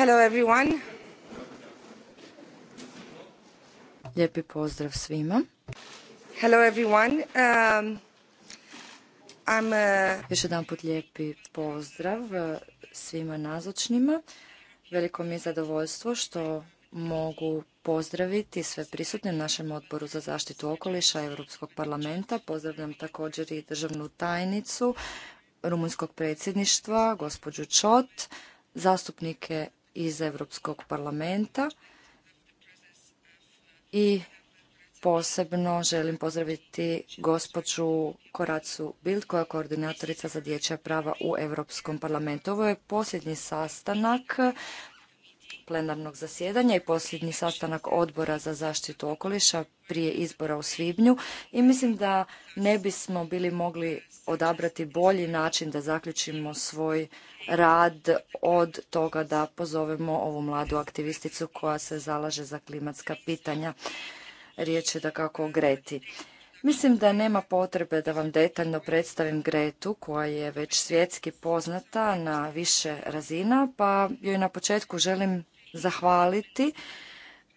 Hello everyone. Lijepi pozdrav svima. Hello everyone. Um, I'm uh, Još jedan put lijepi pozdrav uh, svima nazočnima. Veliko mi je zadovoljstvo što mogu pozdraviti sve prisutne našem odboru za zaštitu okoliša Europskog parlamenta. Pozdravljam također i državnu tajnicu Rumunjskog predsjedništva, gospođu Čot, zastupnike iz Europskog parlamenta i posebno želim pozdraviti gospođu Koracu Bild koja je koordinatorica za dječja prava u Europskom parlamentu. Ovo je posljednji sastanak plenarnog zasjedanja i posljednji sastanak odbora za zaštitu okoliša prije izbora u svibnju i mislim da ne bismo bili mogli odabrati bolji način da zaključimo svoj rad od toga da pozovemo ovu mladu aktivisticu koja se zalaže za klimatska pitanja. Riječ je da kako o Greti. Mislim da nema potrebe da vam detaljno predstavim Gretu koja je već svjetski poznata na više razina, pa joj na početku želim zahvaliti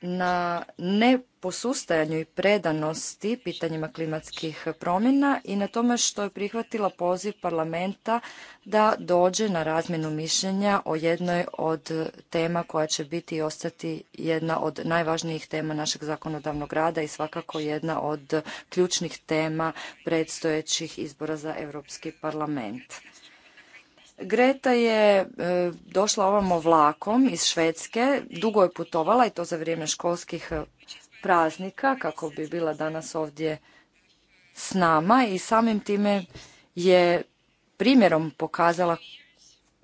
na neposustajanju i predanosti pitanjima klimatskih promjena i na tome što je prihvatila poziv parlamenta da dođe na razmjenu mišljenja o jednoj od tema koja će biti i ostati jedna od najvažnijih tema našeg zakonodavnog rada i svakako jedna od ključnih tema predstojećih izbora za Europski parlament. Greta je e, došla ovamo vlakom iz Švedske, dugo je putovala i to za vrijeme školskih e, praznika kako bi bila danas ovdje s nama i samim time je primjerom pokazala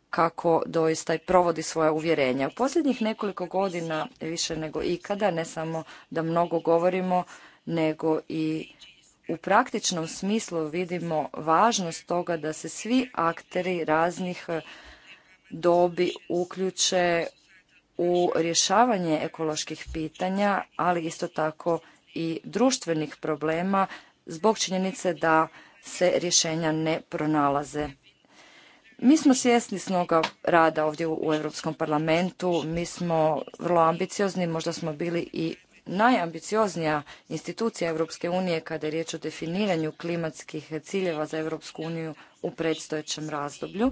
kako doista i provodi svoja uvjerenja. U posljednjih nekoliko godina više nego ikada ne samo da mnogo govorimo nego i u praktičnom smislu vidimo važnost toga da se svi akteri raznih e, dobi uključe u rješavanje ekoloških pitanja, ali isto tako i društvenih problema zbog činjenice da se rješenja ne pronalaze. Mi smo svjesni snoga rada ovdje u Europskom parlamentu, mi smo vrlo ambiciozni, možda smo bili i najambicioznija institucija Europske unije kada je riječ o definiranju klimatskih ciljeva za Europsku uniju u predstojećem razdoblju.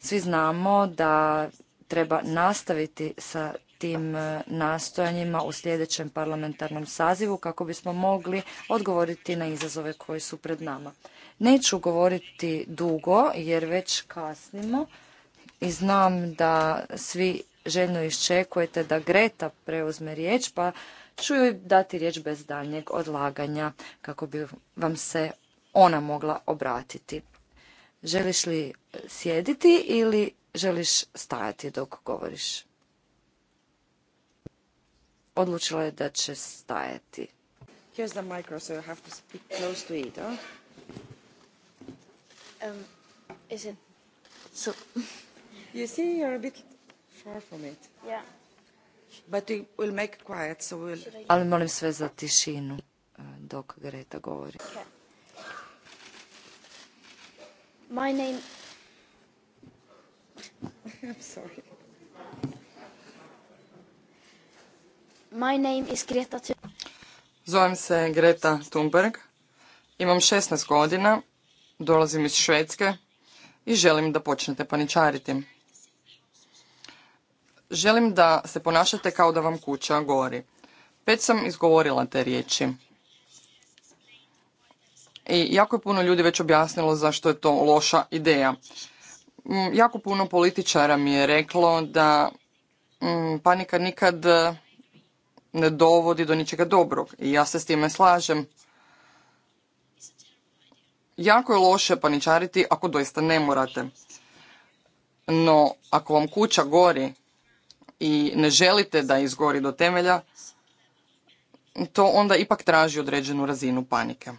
Svi znamo da treba nastaviti sa tim e, nastojanjima u sljedećem parlamentarnom sazivu kako bismo mogli odgovoriti na izazove koji su pred nama. Neću govoriti dugo jer već kasnimo i znam da svi željno iščekujete da Greta preuzme riječ, pa ću joj dati riječ bez daljnjeg odlaganja kako bi vam se ona mogla obratiti. Želiš li sjediti ili želiš stajati dok govoriš? Odlučila je da će stajati. Here's the micro, so you have to speak close to it, huh? Um, is it... So... You see, you're a bit far from it. Yeah. Ali molim sve za tišinu e, dok Greta govori. My name... I'm Zovem se Greta Thunberg. Imam 16 godina, dolazim iz Švedske i želim da počnete paničariti. Želim da se ponašate kao da vam kuća gori. Već sam izgovorila te riječi. I jako je puno ljudi već objasnilo zašto je to loša ideja. Mm, jako puno političara mi je reklo da mm, panika nikad ne dovodi do ničega dobrog i ja se s time slažem. Jako je loše paničariti ako doista ne morate. No, ako vam kuća gori i ne želite da izgori do temelja, to onda ipak traži određenu razinu panike.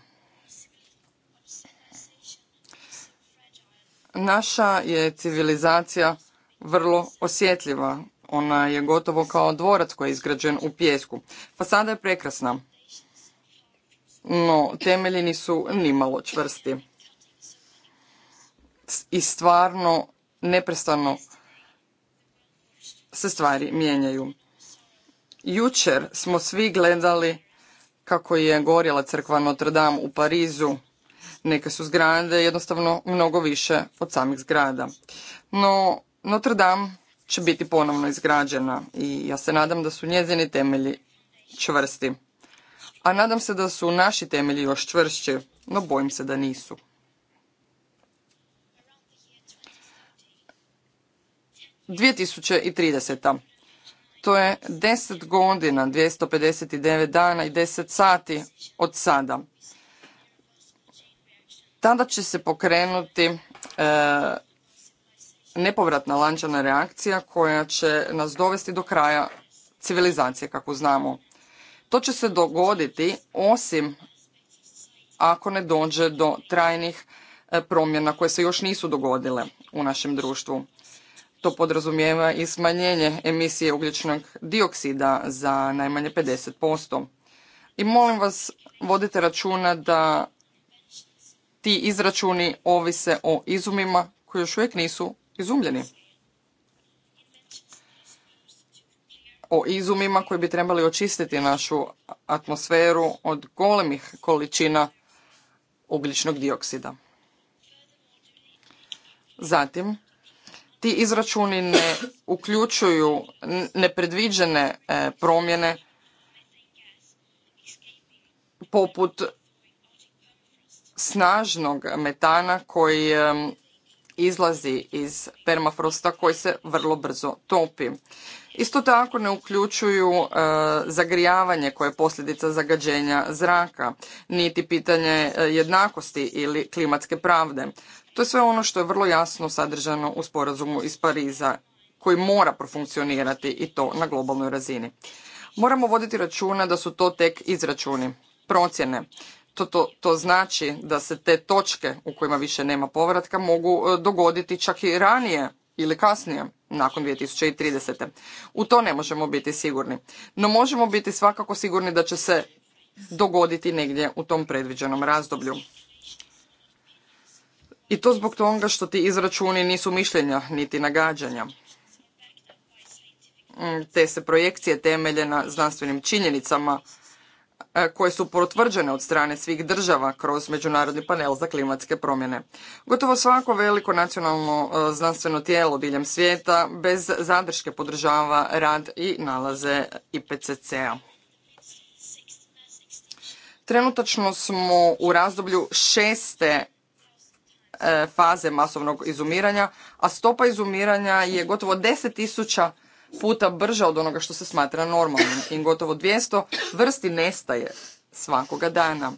Naša je civilizacija vrlo osjetljiva. Ona je gotovo kao dvorac koji je izgrađen u pjesku. Fasada je prekrasna, no temelji nisu nimalo čvrsti. I stvarno neprestano se stvari mijenjaju. Jučer smo svi gledali kako je gorjela crkva Notre Dame u Parizu. Neke su zgrade jednostavno mnogo više od samih zgrada. No Notre Dame će biti ponovno izgrađena i ja se nadam da su njezini temelji čvrsti. A nadam se da su naši temelji još čvršći, no bojim se da nisu. 2030. To je 10 godina, 259 dana i 10 sati od sada. Tada će se pokrenuti e, nepovratna lančana reakcija koja će nas dovesti do kraja civilizacije, kako znamo. To će se dogoditi osim ako ne dođe do trajnih e, promjena koje se još nisu dogodile u našem društvu. To podrazumijeva i smanjenje emisije ugljičnog dioksida za najmanje 50%. I molim vas, vodite računa da ti izračuni ovise o izumima koji još uvijek nisu izumljeni. O izumima koji bi trebali očistiti našu atmosferu od golemih količina ugljičnog dioksida. Zatim, ti izračuni ne uključuju nepredviđene e, promjene poput snažnog metana koji e, izlazi iz permafrosta koji se vrlo brzo topi. Isto tako ne uključuju e, zagrijavanje koje je posljedica zagađenja zraka, niti pitanje jednakosti ili klimatske pravde. To je sve ono što je vrlo jasno sadržano u sporazumu iz Pariza koji mora profunkcionirati i to na globalnoj razini. Moramo voditi računa da su to tek izračuni, procjene. To, to, to znači da se te točke u kojima više nema povratka mogu e, dogoditi čak i ranije ili kasnije, nakon 2030. U to ne možemo biti sigurni. No možemo biti svakako sigurni da će se dogoditi negdje u tom predviđenom razdoblju. I to zbog toga što ti izračuni nisu mišljenja niti nagađanja. Mm, te se projekcije temelje na znanstvenim činjenicama e, koje su potvrđene od strane svih država kroz Međunarodni panel za klimatske promjene. Gotovo svako veliko nacionalno e, znanstveno tijelo diljem svijeta bez zadrške podržava rad i nalaze IPCC-a. Trenutačno smo u razdoblju šeste E, faze masovnog izumiranja, a stopa izumiranja je gotovo 10.000 puta brža od onoga što se smatra normalnim i gotovo 200 vrsti nestaje svakoga dana.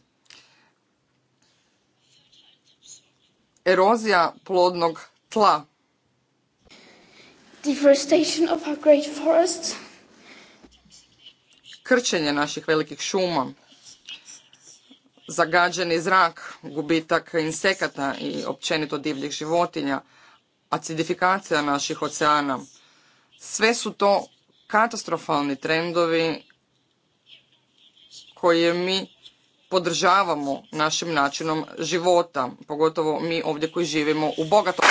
Erozija plodnog tla. Deforestation of our great forests. Krčenje naših velikih šuma zagađeni zrak, gubitak insekata i općenito divljih životinja, acidifikacija naših oceana. Sve su to katastrofalni trendovi koje mi podržavamo našim načinom života, pogotovo mi ovdje koji živimo u bogatom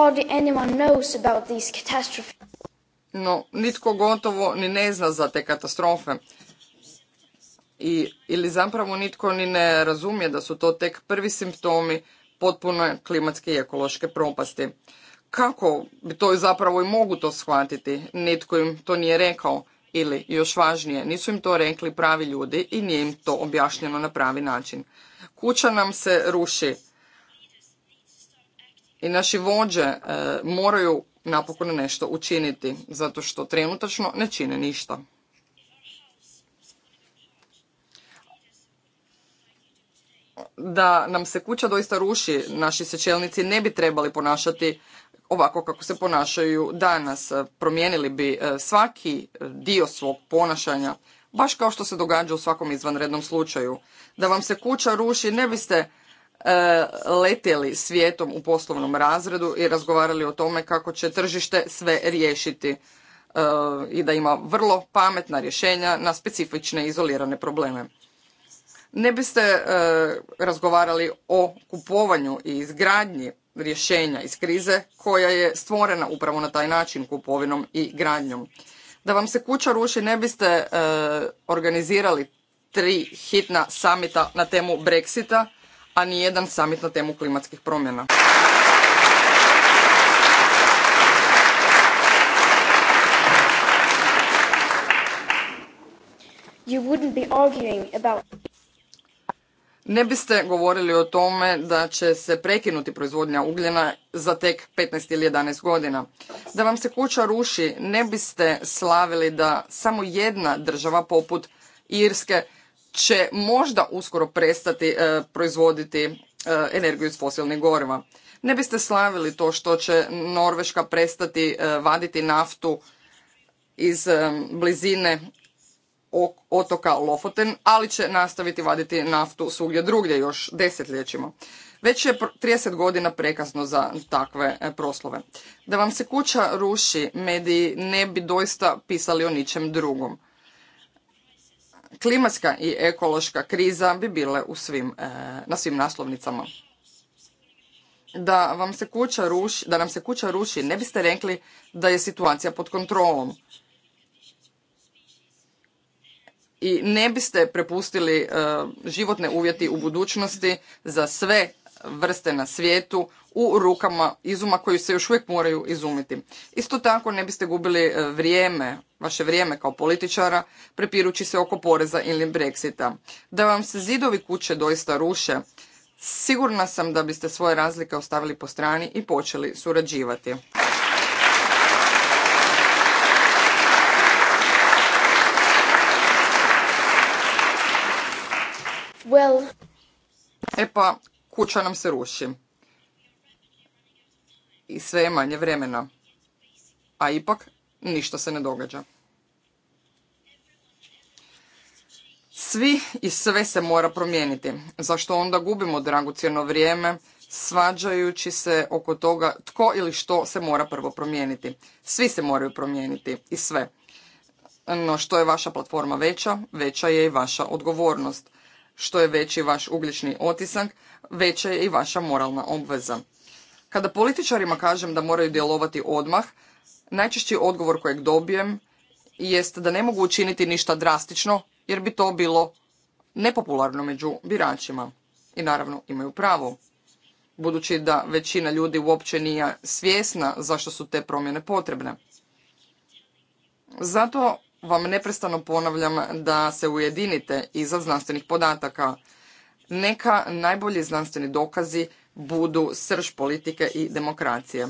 hardly anyone knows about these catastrophes. No, nitko gotovo ni ne zna za te katastrofe. I, ili zapravo nitko ni ne razumije da su to tek prvi simptomi potpune klimatske i ekološke propasti. Kako bi to zapravo i mogu to shvatiti? Nitko im to nije rekao ili još važnije, nisu im to rekli pravi ljudi i nije im to objašnjeno na pravi način. Kuća nam se ruši, i naši vođe e, moraju napokon nešto učiniti, zato što trenutačno ne čine ništa. Da nam se kuća doista ruši, naši sečelnici ne bi trebali ponašati ovako kako se ponašaju danas. Promijenili bi e, svaki dio svog ponašanja, baš kao što se događa u svakom izvanrednom slučaju. Da vam se kuća ruši, ne biste E, letjeli svijetom u poslovnom razredu i razgovarali o tome kako će tržište sve riješiti e, i da ima vrlo pametna rješenja na specifične izolirane probleme. Ne biste e, razgovarali o kupovanju i izgradnji rješenja iz krize koja je stvorena upravo na taj način kupovinom i gradnjom. Da vam se kuća ruši ne biste organizirali tri hitna samita na temu Brexita a ni jedan samit na temu klimatskih promjena. Ne biste govorili o tome da će se prekinuti proizvodnja ugljena za tek 15 ili 11 godina. Da vam se kuća ruši, ne biste slavili da samo jedna država poput Irske će možda uskoro prestati e, proizvoditi e, energiju iz fosilnih goriva. Ne biste slavili to što će Norveška prestati e, vaditi naftu iz blizine otoka Lofoten, ali će nastaviti vaditi naftu svugdje drugdje još desetljećima. Već je 30 godina prekasno za takve proslove. Da vam se kuća ruši, mediji ne bi doista pisali o ničem drugom klimatska i ekološka kriza bi bile u svim, e, na svim naslovnicama. Da, vam se kuća ruši, da nam se kuća ruši, ne biste rekli da je situacija pod kontrolom. I ne biste prepustili e, životne uvjeti u budućnosti za sve vrste na svijetu u rukama izuma koji se još uvijek moraju izumiti. Isto tako ne biste gubili e, vrijeme, vaše vrijeme kao političara, prepirući se oko poreza ili breksita. Da vam se zidovi kuće doista ruše, sigurna sam da biste svoje razlike ostavili po strani i počeli surađivati. E pa, kuća nam se ruši. I sve je manje vremena. A ipak ništa se ne događa. Svi i sve se mora promijeniti, zašto onda gubimo dragocjeno vrijeme, svađajući se oko toga tko ili što se mora prvo promijeniti. Svi se moraju promijeniti i sve. No što je vaša platforma veća, veća je i vaša odgovornost. Što je veći vaš ugljični otisak, veća je i vaša moralna obveza. Kada političarima kažem da moraju djelovati odmah, najčešći odgovor kojeg dobijem jest da ne mogu učiniti ništa drastično jer bi to bilo nepopularno među biračima. I naravno imaju pravo, budući da većina ljudi uopće nije svjesna zašto su te promjene potrebne. Zato vam neprestano ponavljam da se ujedinite iza znanstvenih podataka. Neka najbolji znanstveni dokazi budu srž politike i demokracije.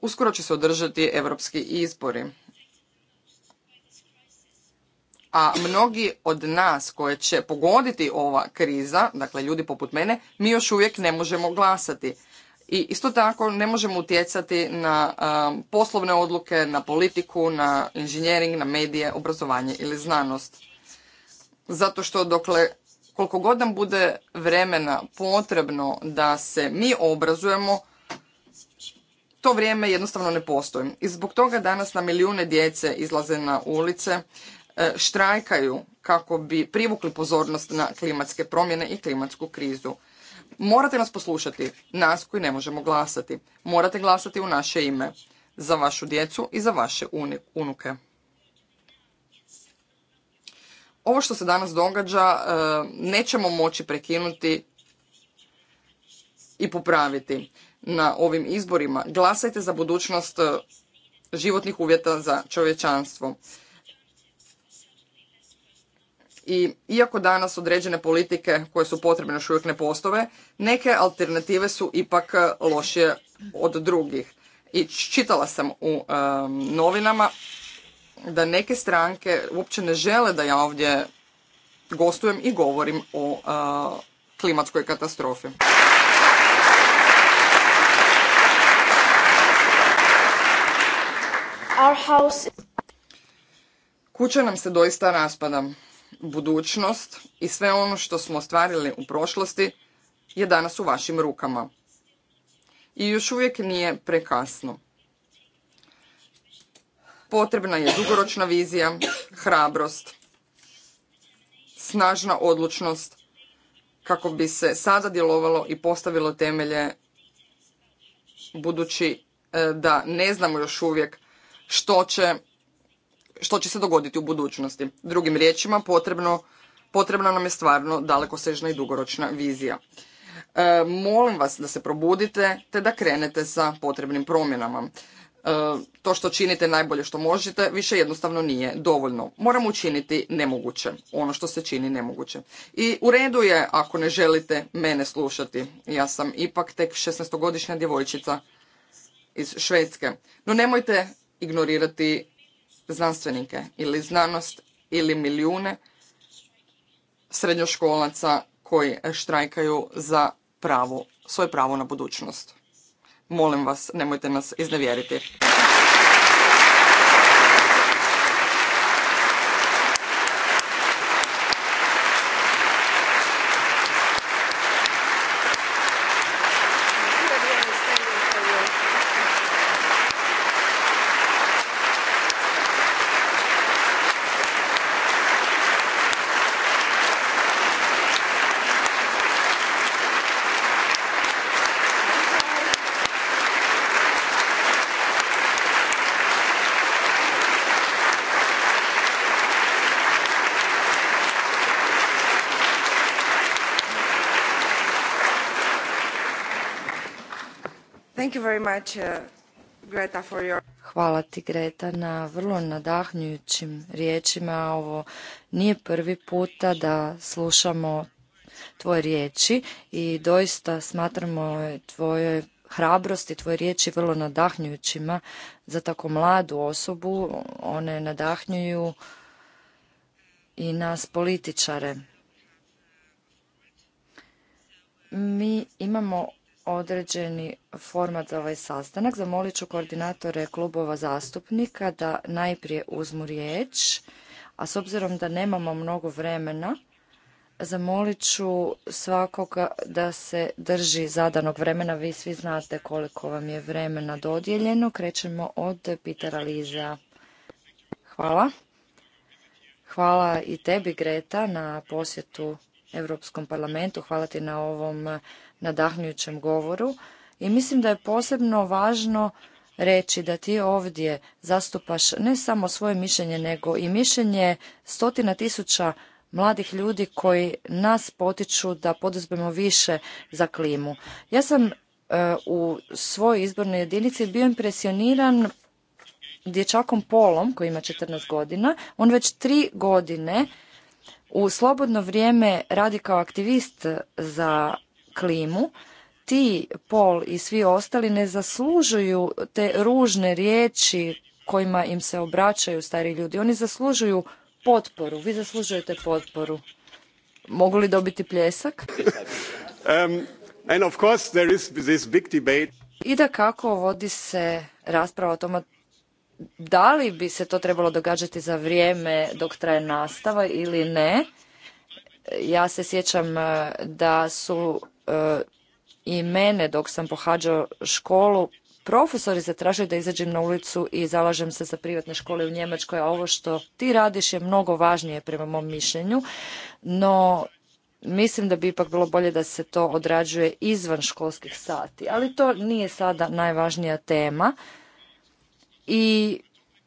Uskoro će se održati europski izbori. A mnogi od nas koje će pogoditi ova kriza, dakle ljudi poput mene, mi još uvijek ne možemo glasati. I isto tako ne možemo utjecati na poslovne odluke, na politiku, na inženjering, na medije, obrazovanje ili znanost. Zato što dokle koliko god nam bude vremena potrebno da se mi obrazujemo, to vrijeme jednostavno ne postoji. I zbog toga danas na milijune djece izlaze na ulice, e, štrajkaju kako bi privukli pozornost na klimatske promjene i klimatsku krizu. Morate nas poslušati, nas koji ne možemo glasati. Morate glasati u naše ime, za vašu djecu i za vaše unuke. Ovo što se danas događa e, nećemo moći prekinuti i popraviti na ovim izborima. Glasajte za budućnost e, životnih uvjeta za čovječanstvo. I iako danas određene politike koje su potrebne još uvijek ne postove, neke alternative su ipak e, lošije od drugih. I čitala sam u e, novinama da neke stranke uopće ne žele da ja ovdje gostujem i govorim o e, klimatskoj katastrofi. Our house... Kuća nam se doista raspada budućnost i sve ono što smo ostvarili u prošlosti je danas u vašim rukama. I još uvijek nije prekasno. Potrebna je dugoročna vizija, hrabrost, snažna odlučnost kako bi se sada djelovalo i postavilo temelje budući e, da ne znamo još uvijek što će što će se dogoditi u budućnosti. Drugim riječima, potrebno, potrebna nam je stvarno dalekosežna i dugoročna vizija. E, molim vas da se probudite te da krenete sa potrebnim promjenama. E, to što činite najbolje što možete više jednostavno nije dovoljno. Moramo učiniti nemoguće, ono što se čini nemoguće. I u redu je ako ne želite mene slušati. Ja sam ipak tek 16-godišnja djevojčica iz Švedske. No nemojte ignorirati znanstvenike ili znanost ili milijune srednjoškolaca koji štrajkaju za pravo, svoje pravo na budućnost. Molim vas, nemojte nas iznevjeriti. Uh, Hvala ti Greta na vrlo nadahnjujućim riječima. Ovo nije prvi puta da slušamo tvoje riječi i doista smatramo tvoje hrabrosti, tvoje riječi vrlo nadahnjujućima za tako mladu osobu. One nadahnjuju i nas političare. Mi imamo određeni format za ovaj sastanak. Zamolit ću koordinatore klubova zastupnika da najprije uzmu riječ, a s obzirom da nemamo mnogo vremena, zamolit ću svakoga da se drži zadanog vremena. Vi svi znate koliko vam je vremena dodijeljeno. Krećemo od Pitera Liza. Hvala. Hvala i tebi, Greta, na posjetu Europskom parlamentu. Hvala ti na ovom nadahnjućem govoru. I mislim da je posebno važno reći da ti ovdje zastupaš ne samo svoje mišljenje, nego i mišljenje stotina tisuća mladih ljudi koji nas potiču da poduzmemo više za klimu. Ja sam e, u svojoj izbornoj jedinici bio impresioniran dječakom Polom koji ima 14 godina. On već tri godine u slobodno vrijeme radi kao aktivist za klimu. Ti, Pol i svi ostali ne zaslužuju te ružne riječi kojima im se obraćaju stari ljudi. Oni zaslužuju potporu. Vi zaslužujete potporu. Mogu li dobiti pljesak? Um, and of course there is this big I da kako vodi se rasprava o tome da li bi se to trebalo događati za vrijeme dok traje nastava ili ne. Ja se sjećam e, da su e, i mene dok sam pohađao školu profesori zatražili da izađem na ulicu i zalažem se za privatne škole u Njemačkoj, a ovo što ti radiš je mnogo važnije prema mom mišljenju, no mislim da bi ipak bilo bolje da se to odrađuje izvan školskih sati, ali to nije sada najvažnija tema i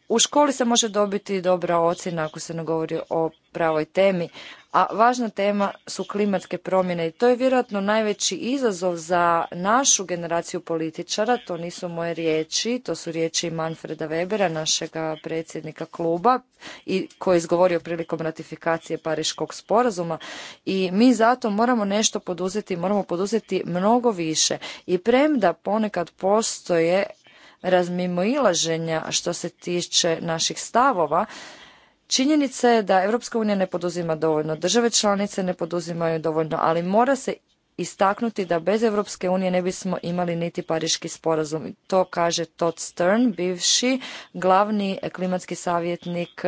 u školi se može dobiti dobra ocjena ako se ne govori o pravoj temi, a važna tema su klimatske promjene i to je vjerojatno najveći izazov za našu generaciju političara, to nisu moje riječi, to su riječi Manfreda Webera, našega predsjednika kluba i koji je izgovorio prilikom ratifikacije Pariškog sporazuma i mi zato moramo nešto poduzeti, moramo poduzeti mnogo više i premda ponekad postoje razmimoilaženja što se tiče naših stavova, Činjenica je da Europska unija ne poduzima dovoljno, države članice ne poduzimaju dovoljno, ali mora se istaknuti da bez Europske unije ne bismo imali niti pariški sporazum. To kaže Todd Stern, bivši glavni klimatski savjetnik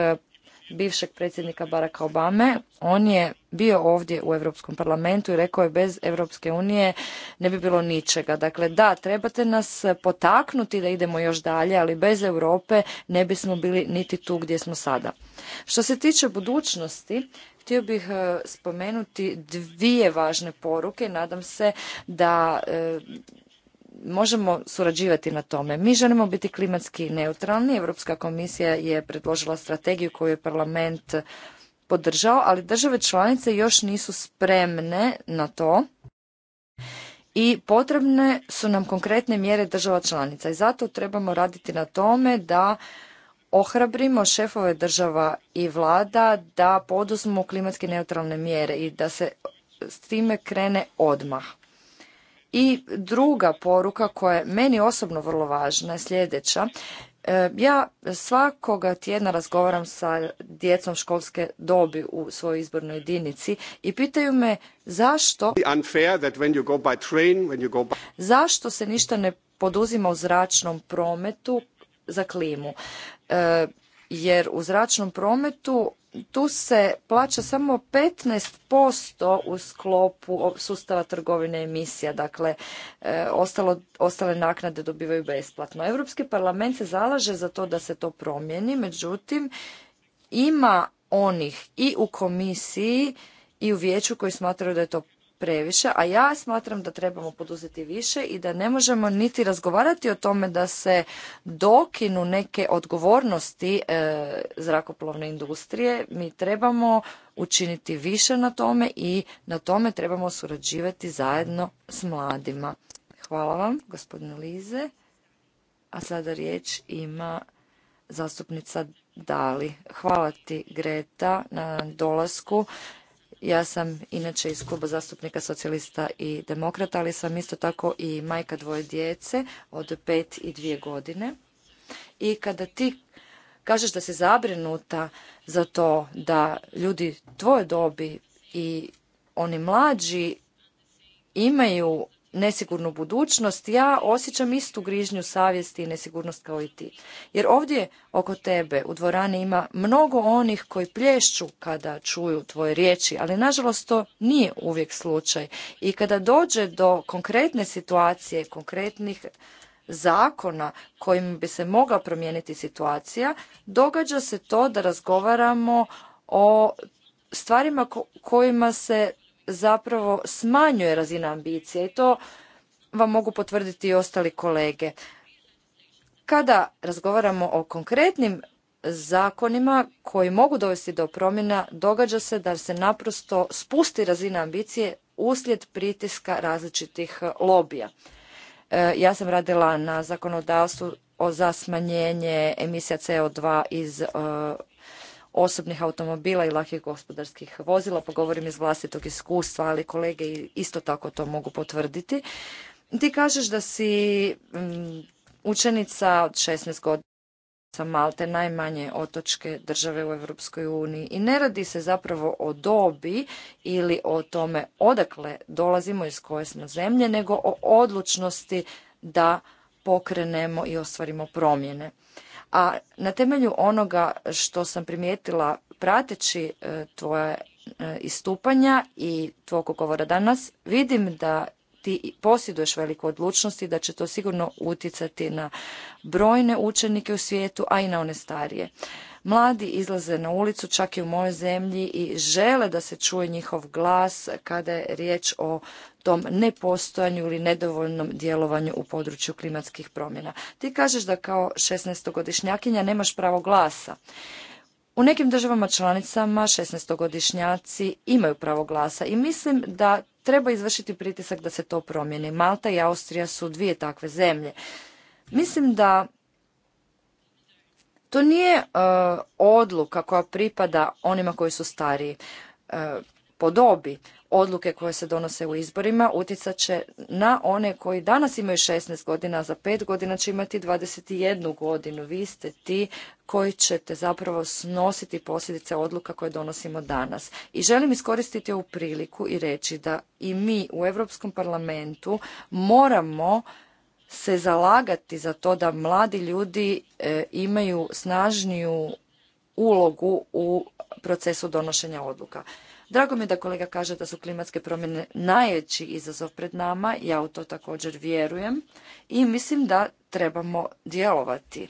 bivšeg predsjednika Baracka Obame. On je bio ovdje u Europskom parlamentu i rekao je bez Europske unije ne bi bilo ničega. Dakle, da, trebate nas potaknuti da idemo još dalje, ali bez Europe ne bismo bili niti tu gdje smo sada. Što se tiče budućnosti, htio bih e, spomenuti dvije važne poruke. Nadam se da e, možemo surađivati na tome. Mi želimo biti klimatski neutralni. Europska komisija je predložila strategiju koju je parlament podržao, ali države članice još nisu spremne na to i potrebne su nam konkretne mjere država članica i zato trebamo raditi na tome da ohrabrimo šefove država i vlada da poduzmu klimatski neutralne mjere i da se s time krene odmah. I druga poruka koja je meni osobno vrlo važna je sljedeća. E, ja svakoga tjedna razgovaram sa djecom školske dobi u svojoj izbornoj jedinici i pitaju me zašto zašto se ništa ne poduzima u zračnom prometu za klimu. E, jer u zračnom prometu tu se plaća samo 15% u sklopu sustava trgovine emisija, dakle e, ostale naknade dobivaju besplatno. Europski parlament se zalaže za to da se to promijeni, međutim ima onih i u komisiji i u vijeću koji smatraju da je to previše, a ja smatram da trebamo poduzeti više i da ne možemo niti razgovarati o tome da se dokinu neke odgovornosti e, zrakoplovne industrije. Mi trebamo učiniti više na tome i na tome trebamo surađivati zajedno s mladima. Hvala vam, gospodine Lize. A sada riječ ima zastupnica Dali. Hvala ti Greta na dolasku. Ja sam inače iz kluba zastupnika socijalista i demokrata, ali sam isto tako i majka dvoje djece od pet i dvije godine. I kada ti kažeš da si zabrinuta za to da ljudi tvoje dobi i oni mlađi imaju nesigurnu budućnost, ja osjećam istu grižnju savjesti i nesigurnost kao i ti. Jer ovdje oko tebe u dvorani ima mnogo onih koji plješću kada čuju tvoje riječi, ali nažalost to nije uvijek slučaj. I kada dođe do konkretne situacije, konkretnih zakona kojim bi se mogla promijeniti situacija, događa se to da razgovaramo o stvarima kojima se zapravo smanjuje razina ambicije i to vam mogu potvrditi i ostali kolege. Kada razgovaramo o konkretnim zakonima koji mogu dovesti do promjena, događa se da se naprosto spusti razina ambicije uslijed pritiska različitih lobija. E, ja sam radila na zakonodavstvu za smanjenje emisija CO2 iz e, osobnih automobila i lakih gospodarskih vozila, pa govorim iz vlastitog iskustva, ali kolege isto tako to mogu potvrditi. Ti kažeš da si mm, učenica od 16 godina sa Malte, najmanje otočke države u Europskoj uniji. I ne radi se zapravo o dobi ili o tome odakle dolazimo iz koje smo zemlje, nego o odlučnosti da pokrenemo i ostvarimo promjene. A na temelju onoga što sam primijetila prateći e, tvoje istupanja i tvog govora danas, vidim da ti posjeduješ veliku odlučnost i da će to sigurno utjecati na brojne učenike u svijetu, a i na one starije. Mladi izlaze na ulicu, čak i u mojoj zemlji, i žele da se čuje njihov glas kada je riječ o tom nepostojanju ili nedovoljnom djelovanju u području klimatskih promjena. Ti kažeš da kao 16-godišnjakinja nemaš pravo glasa. U nekim državama članicama 16-godišnjaci imaju pravo glasa i mislim da treba izvršiti pritisak da se to promijeni. Malta i Austrija su dvije takve zemlje. Mislim da to nije e, odluka koja pripada onima koji su stariji podobi. E, po dobi odluke koje se donose u izborima utjecat će na one koji danas imaju 16 godina, a za 5 godina će imati 21 godinu. Vi ste ti koji ćete zapravo snositi posljedice odluka koje donosimo danas. I želim iskoristiti ovu priliku i reći da i mi u Europskom parlamentu moramo se zalagati za to da mladi ljudi e, imaju snažniju ulogu u procesu donošenja odluka. Drago mi je da kolega kaže da su klimatske promjene najveći izazov pred nama, ja u to također vjerujem i mislim da trebamo djelovati.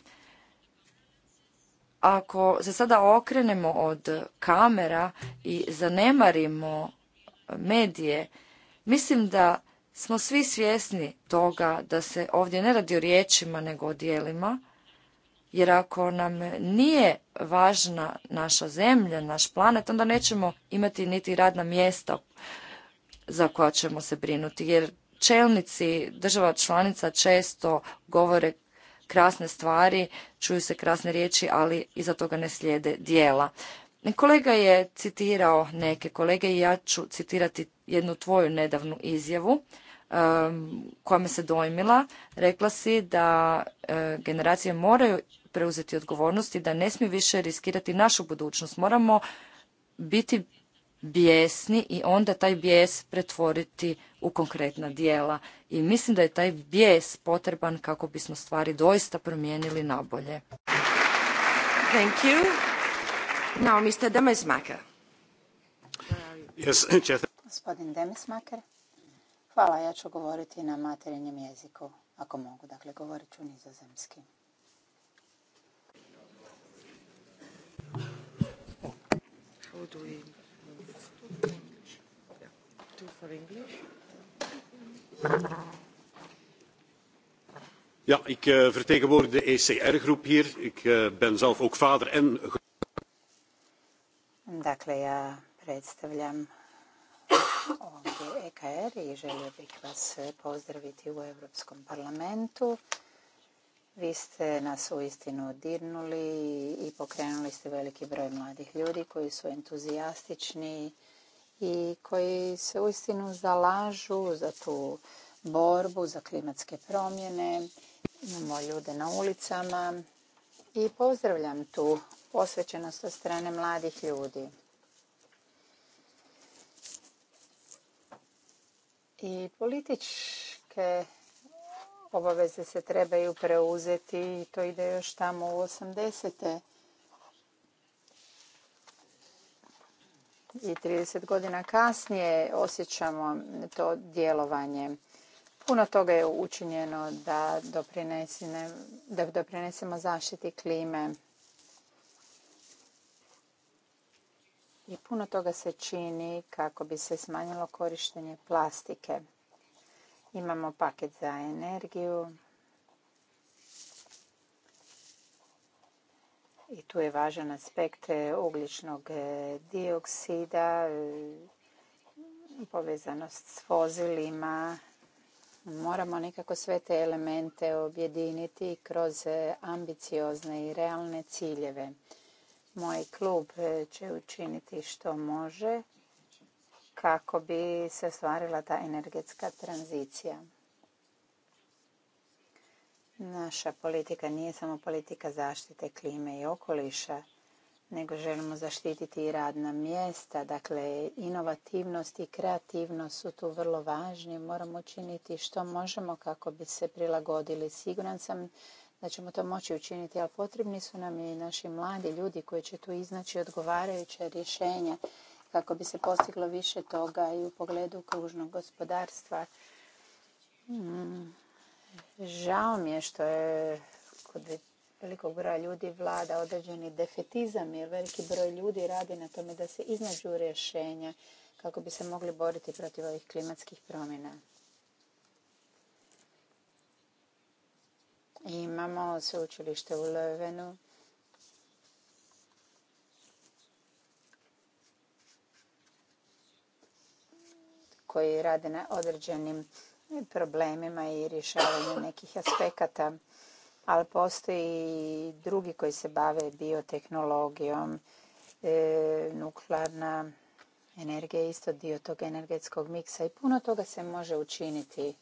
Ako se sada okrenemo od kamera i zanemarimo medije, mislim da smo svi svjesni toga da se ovdje ne radi o riječima nego o dijelima jer ako nam nije važna naša zemlja, naš planet, onda nećemo imati niti radna mjesta za koja ćemo se brinuti. Jer čelnici država članica često govore krasne stvari, čuju se krasne riječi, ali iza toga ne slijede dijela. Kolega je citirao neke kolege i ja ću citirati jednu tvoju nedavnu izjavu koja me se dojmila. Rekla si da e, generacije moraju preuzeti odgovornost i da ne smiju više riskirati našu budućnost. Moramo biti bijesni i onda taj bijes pretvoriti u konkretna dijela. I mislim da je taj bijes potreban kako bismo stvari doista promijenili nabolje. Thank you. Now, Mr. Demesmaker. Yes, Gospodin Demesmaker. Hvala, ja ću govoriti na materinjem jeziku, ako mogu, dakle govorit ću nizozemski. Ja, ik eh, vertegenwoordig de ECR-groep hier. Ik eh, ben zelf ook vader en... Dakle, ja predstavljam ovdje EKR e i želio bih vas pozdraviti u Europskom parlamentu. Vi ste nas uistinu dirnuli i pokrenuli ste veliki broj mladih ljudi koji su entuzijastični i koji se uistinu zalažu za tu borbu, za klimatske promjene. Imamo ljude na ulicama i pozdravljam tu posvećenost od strane mladih ljudi. I političke obaveze se trebaju preuzeti i to ide još tamo u 80. I 30 godina kasnije osjećamo to djelovanje. Puno toga je učinjeno da doprinesemo zaštiti klime. I puno toga se čini kako bi se smanjilo korištenje plastike. Imamo paket za energiju. I tu je važan aspekt e, ugljičnog e, dioksida, e, povezanost s vozilima. Moramo nekako sve te elemente objediniti kroz ambiciozne i realne ciljeve. Moj klub e, će učiniti što može kako bi se stvarila ta energetska tranzicija. Naša politika nije samo politika zaštite klime i okoliša, nego želimo zaštititi i radna mjesta. Dakle, inovativnost i kreativnost su tu vrlo važni. Moramo učiniti što možemo kako bi se prilagodili. Siguran sam da ćemo to moći učiniti, ali potrebni su nam i naši mladi ljudi koji će tu iznaći odgovarajuće rješenja kako bi se postiglo više toga i u pogledu kružnog gospodarstva. Hmm. Žao mi je što je kod velikog broja ljudi vlada određeni defetizam jer veliki broj ljudi radi na tome da se iznađu rješenja kako bi se mogli boriti protiv ovih klimatskih promjena. Imamo sveučilište u Levenu. koji rade na određenim problemima i rješavanju nekih aspekata, ali postoji i drugi koji se bave biotehnologijom, e, nuklearna energija je isto dio tog energetskog miksa i puno toga se može učiniti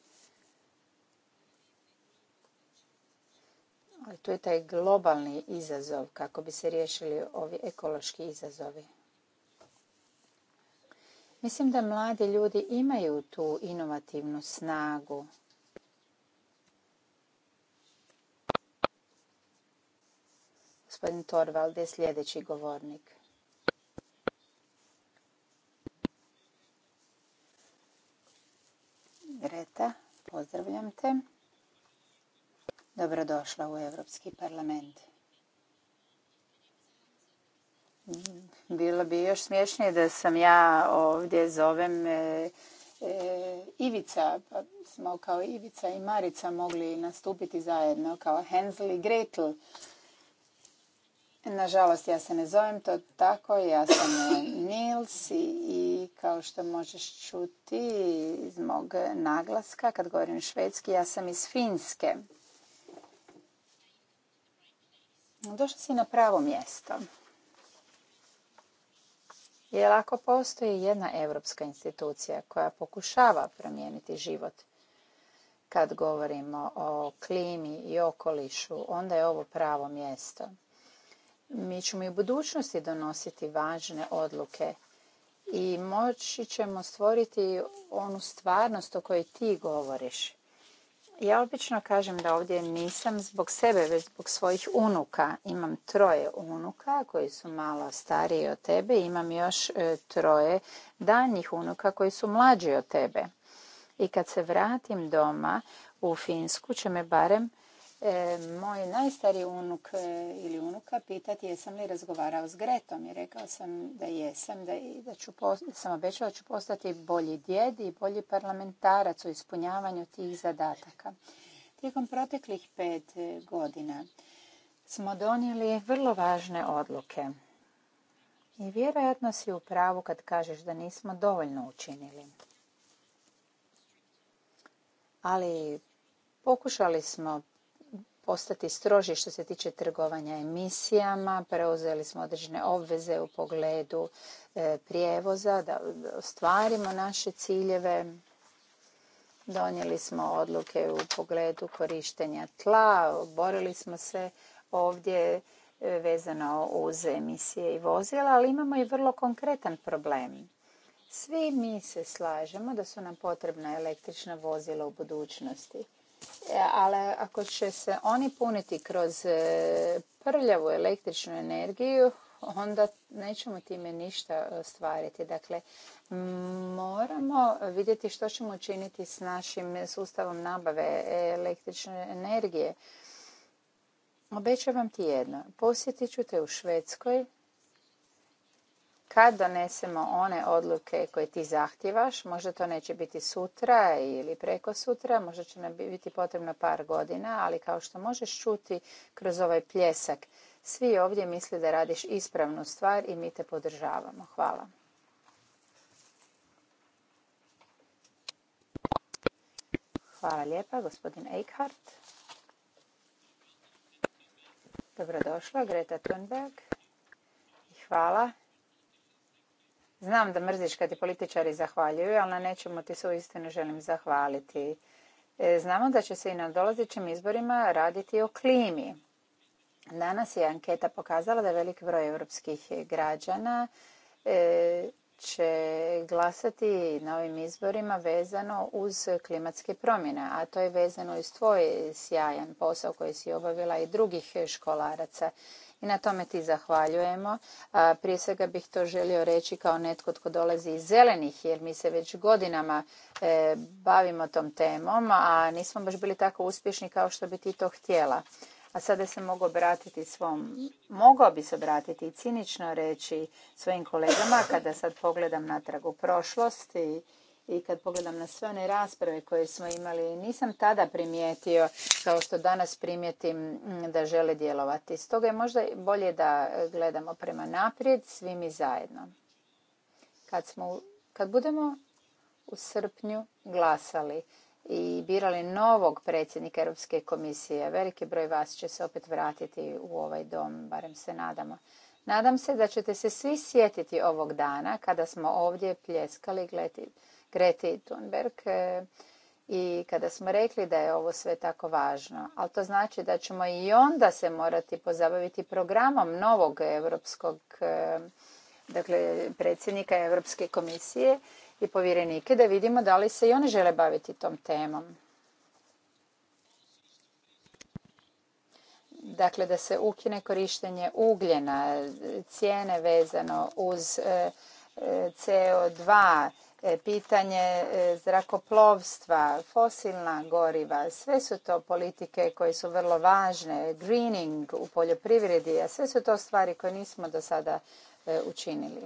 tu je taj globalni izazov kako bi se riješili ovi ekološki izazovi. Mislim da mladi ljudi imaju tu inovativnu snagu. Gospodin Torvald je sljedeći govornik. Greta, pozdravljam te dobrodošla u Europski parlament. Bilo bi još smiješnije da sam ja ovdje zovem e, e, Ivica, pa smo kao Ivica i Marica mogli nastupiti zajedno, kao Hansel i Gretel. Nažalost, ja se ne zovem to tako, ja sam Nils i, i kao što možeš čuti iz mog naglaska, kad govorim švedski, ja sam iz Finske. Došli si na pravo mjesto. Jer ako postoji jedna europska institucija koja pokušava promijeniti život kad govorimo o klimi i okolišu, onda je ovo pravo mjesto. Mi ćemo i u budućnosti donositi važne odluke i moći ćemo stvoriti onu stvarnost o kojoj ti govoriš. Ja obično kažem da ovdje nisam zbog sebe, već zbog svojih unuka. Imam troje unuka koji su malo stariji od tebe i imam još e, troje danjih unuka koji su mlađi od tebe. I kad se vratim doma u Finsku će me barem e, moj najstariji unuk e, ili unuka pitati jesam li razgovarao s Gretom i rekao sam da jesam, da, da ću sam obećao da ću postati bolji djedi i bolji parlamentarac u ispunjavanju tih zadataka. Tijekom proteklih pet e, godina smo donijeli vrlo važne odluke. I vjerojatno si u pravu kad kažeš da nismo dovoljno učinili. Ali pokušali smo postati stroži što se tiče trgovanja emisijama. Preuzeli smo određene obveze u pogledu e, prijevoza da ostvarimo naše ciljeve. Donijeli smo odluke u pogledu korištenja tla, borili smo se ovdje e, vezano uz emisije i vozila, ali imamo i vrlo konkretan problem. Svi mi se slažemo da su nam potrebna električna vozila u budućnosti. E, ali ako će se oni puniti kroz e, prljavu električnu energiju, onda nećemo time ništa e, stvariti. Dakle, moramo vidjeti što ćemo učiniti s našim sustavom nabave električne energije. Obećavam ti jedno, posjetit ću te u Švedskoj kad donesemo one odluke koje ti zahtivaš, možda to neće biti sutra ili preko sutra, možda će nam biti potrebno par godina, ali kao što možeš čuti kroz ovaj pljesak, svi ovdje misle da radiš ispravnu stvar i mi te podržavamo. Hvala. Hvala lijepa, gospodin Eichhardt. Dobrodošla, Greta Thunberg. Hvala Znam da mrziš kad ti političari zahvaljuju, ali na nečemu ti se uistinu želim zahvaliti. E, znamo da će se i na dolazećim izborima raditi o klimi. Danas je anketa pokazala da velik broj europskih građana e, će glasati na ovim izborima vezano uz klimatske promjene, a to je vezano i s tvoj sjajan posao koji si obavila i drugih školaraca i na tome ti zahvaljujemo. Prije svega bih to želio reći kao netko tko dolazi iz zelenih, jer mi se već godinama e, bavimo tom temom, a nismo baš bili tako uspješni kao što bi ti to htjela. A sada se mogu obratiti svom, mogao bi se obratiti i cinično reći svojim kolegama, kada sad pogledam natrag u prošlost i i kad pogledam na sve one rasprave koje smo imali, nisam tada primijetio kao što danas primijetim mm, da žele djelovati. Stoga je možda bolje da gledamo prema naprijed svi mi zajedno. Kad, smo, kad budemo u srpnju glasali i birali novog predsjednika Europske komisije, veliki broj vas će se opet vratiti u ovaj dom, barem se nadamo. Nadam se da ćete se svi sjetiti ovog dana kada smo ovdje pljeskali, gledali Greti Thunberg e, i kada smo rekli da je ovo sve tako važno. Ali to znači da ćemo i onda se morati pozabaviti programom novog europskog e, dakle, predsjednika Europske komisije i povjerenike da vidimo da li se i oni žele baviti tom temom. Dakle, da se ukine korištenje ugljena, e, cijene vezano uz CO2, E, pitanje e, zrakoplovstva, fosilna goriva, sve su to politike koje su vrlo važne, greening u poljoprivredi, a sve su to stvari koje nismo do sada e, učinili.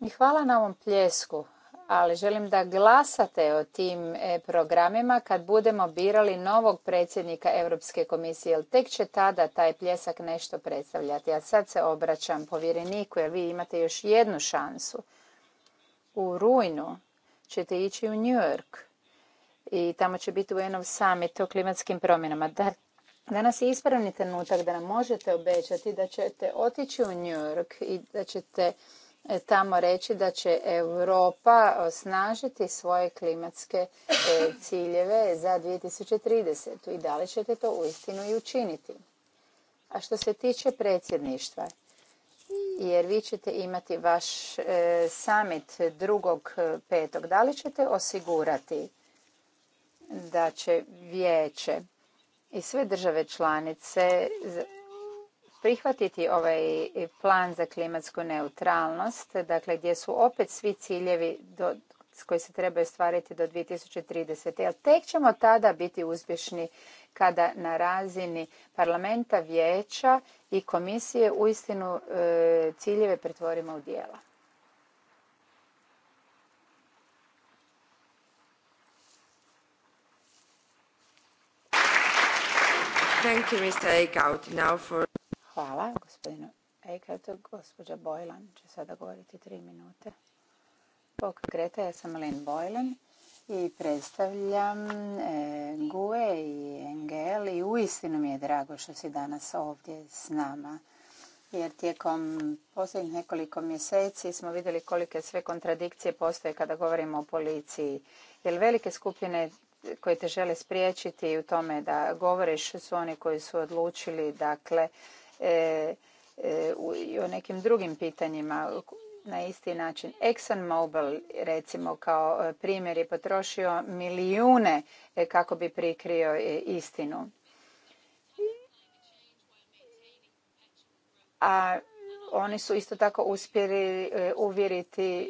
I hvala na ovom pljesku ali želim da glasate o tim e, programima kad budemo birali novog predsjednika Europske komisije, jer tek će tada taj pljesak nešto predstavljati. A sad se obraćam povjereniku, jer vi imate još jednu šansu. U rujnu ćete ići u New York i tamo će biti u ov summit o klimatskim promjenama. Danas je ispravni trenutak da nam možete obećati da ćete otići u New York i da ćete tamo reći da će Europa osnažiti e, svoje klimatske e, ciljeve za 2030. I da li ćete to uistinu i učiniti? A što se tiče predsjedništva, jer vi ćete imati vaš e, summit drugog petog, da li ćete osigurati da će vijeće i sve države članice prihvatiti ovaj plan za klimatsku neutralnost, dakle gdje su opet svi ciljevi do, koji se trebaju stvariti do 2030. Jer tek ćemo tada biti uspješni kada na razini parlamenta, vijeća i komisije uistinu e, ciljeve pretvorimo u djela. Thank you, Now for gospodinu Eikertu. Gospođa Bojlan će sada govoriti tri minute. Bok Greta, ja sam Lynn Bojlan i predstavljam e, GUE i Engel. i uistinu mi je drago što si danas ovdje s nama. Jer tijekom posljednjih nekoliko mjeseci smo vidjeli kolike sve kontradikcije postoje kada govorimo o policiji. Jer velike skupine koje te žele spriječiti u tome da govoriš su oni koji su odlučili dakle E, e, i o nekim drugim pitanjima na isti način. ExxonMobil recimo kao e, primjer je potrošio milijune kako bi prikrio istinu. A oni su isto tako uspjeli e, uvjeriti e,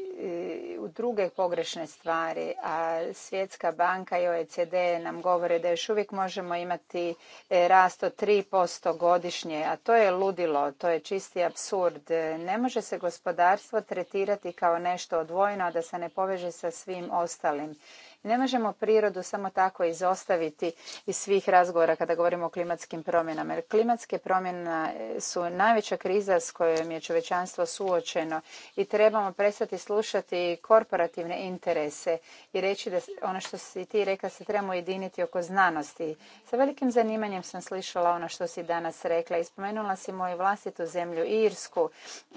u druge pogrešne stvari, a Svjetska banka i OECD nam govore da još uvijek možemo imati e, rast od 3% godišnje, a to je ludilo, to je čisti absurd. Ne može se gospodarstvo tretirati kao nešto odvojeno, a da se ne poveže sa svim ostalim. Ne možemo prirodu samo tako izostaviti iz svih razgovora kada govorimo o klimatskim promjenama. Jer klimatske promjene su najveća kriza s kojom je čovečanstvo suočeno i trebamo prestati slušati korporativne interese i reći da ono što si ti rekla se trebamo jediniti oko znanosti. Sa velikim zanimanjem sam slišala ono što si danas rekla i spomenula si moju vlastitu zemlju Irsku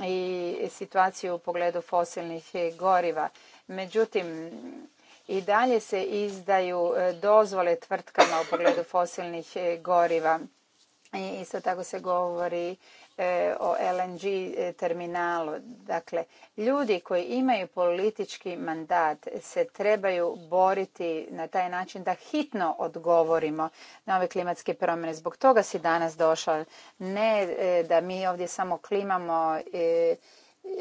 i situaciju u pogledu fosilnih goriva. Međutim, i dalje se izdaju e, dozvole tvrtkama u pogledu fosilnih e, goriva. I isto tako se govori e, o LNG terminalu. Dakle, ljudi koji imaju politički mandat se trebaju boriti na taj način da hitno odgovorimo na ove klimatske promjene. Zbog toga si danas došao. Ne da mi ovdje samo klimamo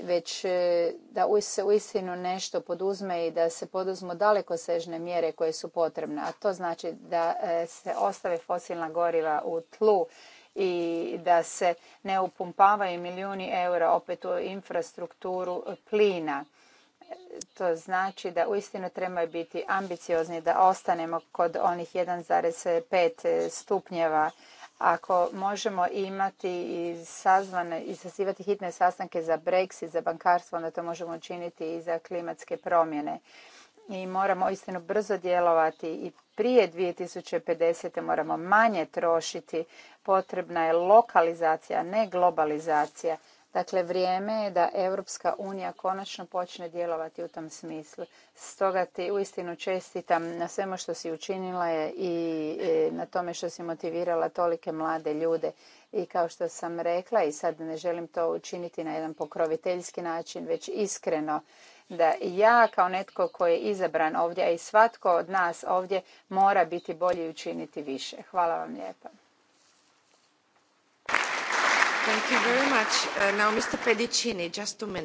već e, da se uistinu nešto poduzme i da se poduzmu dalekosežne mjere koje su potrebne, a to znači da e, se ostave fosilna goriva u tlu i da se ne upumpavaju milijuni eura opet u infrastrukturu plina. To znači da uistinu trebaju biti ambiciozni da ostanemo kod onih 1,5 stupnjeva ako možemo imati i sazvane, i sazivati hitne sastanke za Brexit, za bankarstvo, onda to možemo učiniti i za klimatske promjene. I moramo istinu brzo djelovati i prije 2050. moramo manje trošiti. Potrebna je lokalizacija, ne globalizacija Dakle, vrijeme je da Europska unija konačno počne djelovati u tom smislu. Stoga ti uistinu čestitam na svemu što si učinila i na tome što si motivirala tolike mlade ljude. I kao što sam rekla, i sad ne želim to učiniti na jedan pokroviteljski način, već iskreno, da ja kao netko koji je izabran ovdje, a i svatko od nas ovdje mora biti bolji i učiniti više. Hvala vam lijepa. Uh,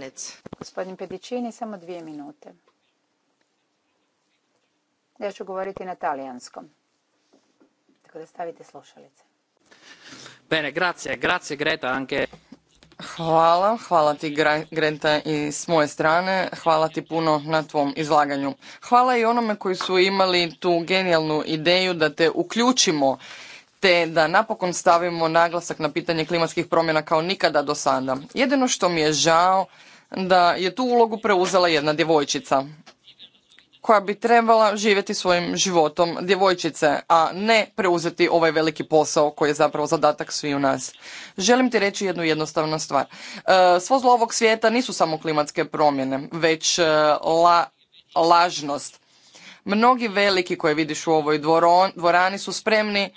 Gospodin Pedicini, samo dvije minute. Ja ću govoriti na talijanskom. Tako da stavite slušalice. Bene, grazie, grazie Greta anche. Hvala, hvala ti Greta i s moje strane, hvala ti puno na tvom izlaganju. Hvala i onome koji su imali tu genijalnu ideju da te uključimo te da napokon stavimo naglasak na pitanje klimatskih promjena kao nikada do sada. Jedino što mi je žao da je tu ulogu preuzela jedna djevojčica koja bi trebala živjeti svojim životom djevojčice, a ne preuzeti ovaj veliki posao koji je zapravo zadatak svi u nas. Želim ti reći jednu jednostavnu stvar. E, svo zlo ovog svijeta nisu samo klimatske promjene, već e, la, lažnost. Mnogi veliki koje vidiš u ovoj dvorani su spremni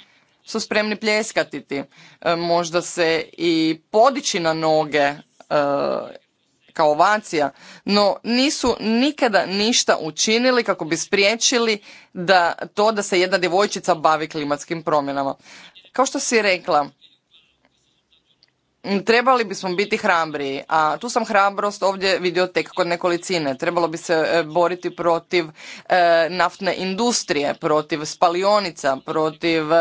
su spremni pljeskatiti, e, možda se i podići na noge e, kao ovacija, no nisu nikada ništa učinili kako bi spriječili da to da se jedna djevojčica bavi klimatskim promjenama. Kao što si rekla, Mm, trebali bismo biti hrabriji, a tu sam hrabrost ovdje vidio tek kod nekolicine. Trebalo bi se e, boriti protiv e, naftne industrije, protiv spalionica, protiv e,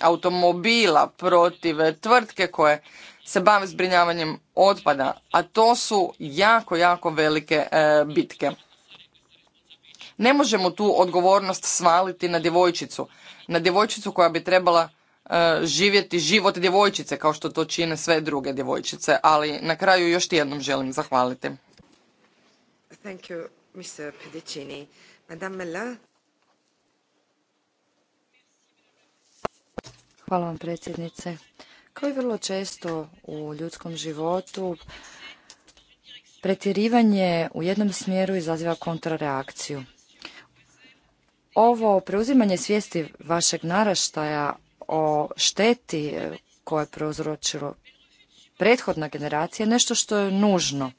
automobila, protiv tvrtke koje se bave zbrinjavanjem otpada, a to su jako, jako velike bitke. Ne možemo tu odgovornost svaliti na djevojčicu, na djevojčicu koja bi trebala E, živjeti život djevojčice kao što to čine sve druge djevojčice, ali na kraju još jednom želim zahvaliti. Thank you, Mr. Pedicini. Madame Hvala vam predsjednice. Kao i vrlo često u ljudskom životu, pretjerivanje u jednom smjeru izaziva kontrareakciju. Ovo preuzimanje svijesti vašeg naraštaja o šteti e, koje je prouzročilo prethodna generacija nešto što je nužno.